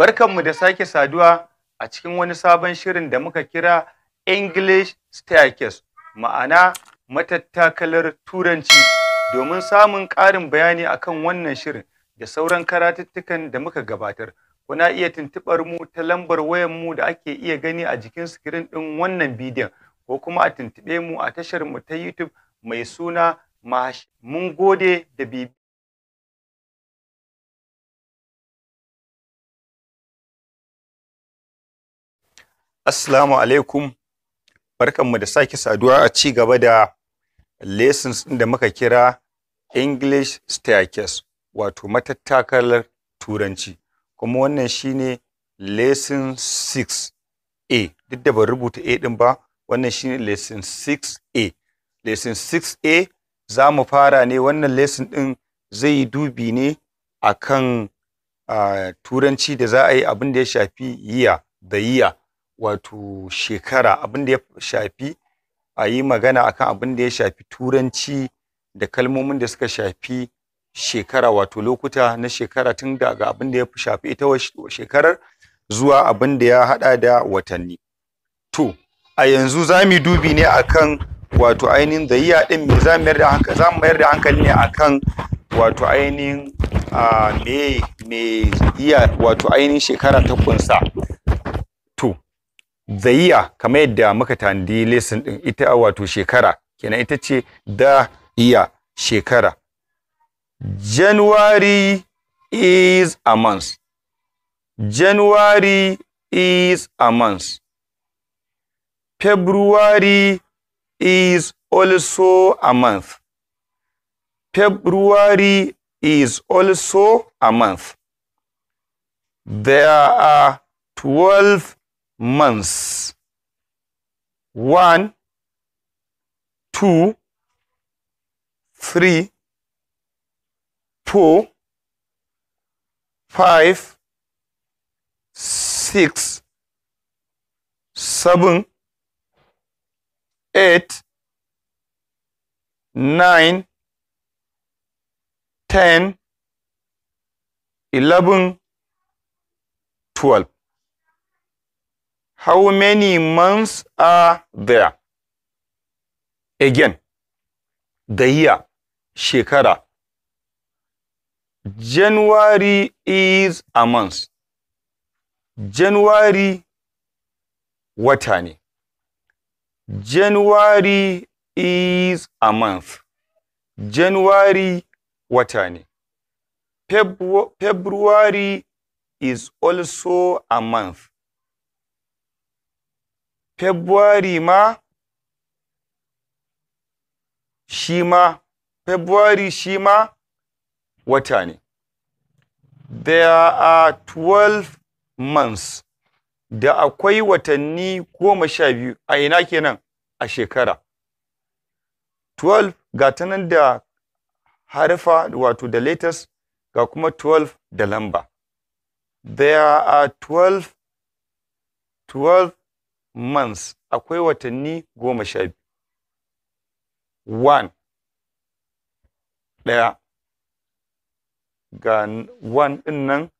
Barkanmu da sake saduwa a cikin wani sabon shirin da muka kira English Staircase, ma'ana matattakalar Turanci, domin samun ƙarin bayani akan wannan shirin da sauran karatuttukan da muka gabatar. Kuna iya tuntuɓar mu ta lambar wayanmu da ake iya gani a jikin sikirin ɗin wannan bidiyon, ko kuma a tuntuɓe mu a tashar mu ta YouTube mai suna Mash. Mun gode da bibi. Assalamu alaikum barkanmu da sake saduwa a ci gaba da lessons ɗin da muka kira English staircase wato matattakalar turanci kuma wannan shine lesson 6A duk da ban rubuta A ɗin ba wannan shine lesson 6A lesson 6A za mu fara ne wannan lesson ɗin zai yi dubi ne akan uh, ah, turanci da za a yi abin da ya shafi yiya da yiya wato shekara abin da ya shafi a yi magana akan abin da ya shafi turanci da kalmomin da suka shafi shekara wato lokuta na shekara tun daga abin da ya shafi ita shekarar zuwa abin da ya hada da watanni to a yanzu za mu dubi ne akan wato ainihin da yiya din me za mu mayar da hankali za mu mayar da hankali ne akan wato ainihin me me iya wato ainihin shekara ta kunsa the year kamar yadda muka tanadi lesson din ita wato shekara kenan ita ce the year shekara January is a month January is a month February is also a month February is also a month. There are 12 months. One, two, three, four, five, six, seven, eight, nine, ten, eleven, twelve. How many months are there? Again, the year, shekara. January is a month. January wata ne. January is a month. January wata ne. February is also a month. February ma shi ma February shi wata ne. There are 12 months da akwai watanni goma sha biyu a ina kenan a shekara. 12 ga ta nan da harfa wato da letters ga kuma 12 da lamba. There are 12, 12 months akwai watanni goma sha biyu. One ɗaya ga one ɗin nan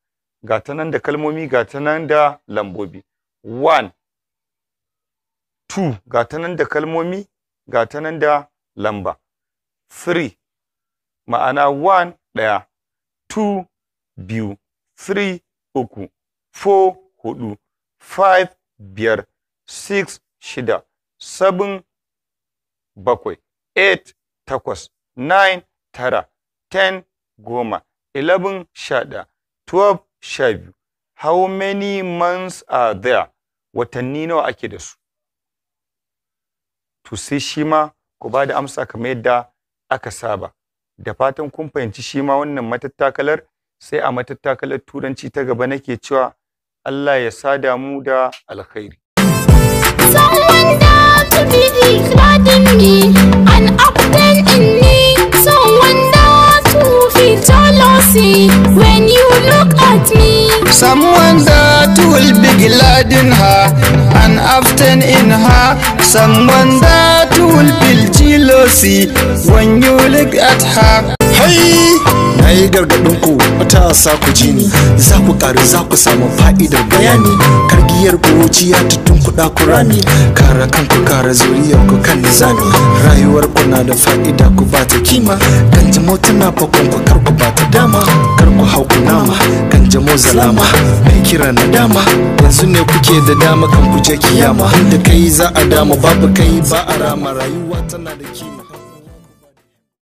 ga ta nan da kalmomi ga ta nan da lambobi. One two ga ta nan da kalmomi ga ta nan da lamba. Three ma'ana one ɗaya two biyu three uku four hudu five biyar 6 shida, 7 bakwai, eight, takwas, nine, tara, ten, goma, eleven, sha ɗaya, 12 sha biyu. How many months are there? Watanni nawa ake da su? To sai shi ma ku ba da amsa kamar yadda aka saba. Da fatan kun fahimci shi ma wannan matattakalar sai a matattakalar turanci ta gaba nake cewa Allah ya sada mu da alkhairi. when you look at me. Someone that will be glad in her and often in her. Someone that will feel jealousy when you look at her. gargaɗin ku matasa ku ji ni za ku ƙaru za ku samu fa'idar bayani kargiyar kuruciya ta tunkuɗa ku rami kara kanku kara zuriyar ku kan nizami rayuwar ku na da fa'ida ku ba ta kima kan jamo tana fakon ku kar ku ba ta dama kar ku hau ku nama kan zalama mai kira na dama yanzu ne kuke da dama kan ku je kiyama da kai za a dama babu kai ba a rama rayuwa tana da kima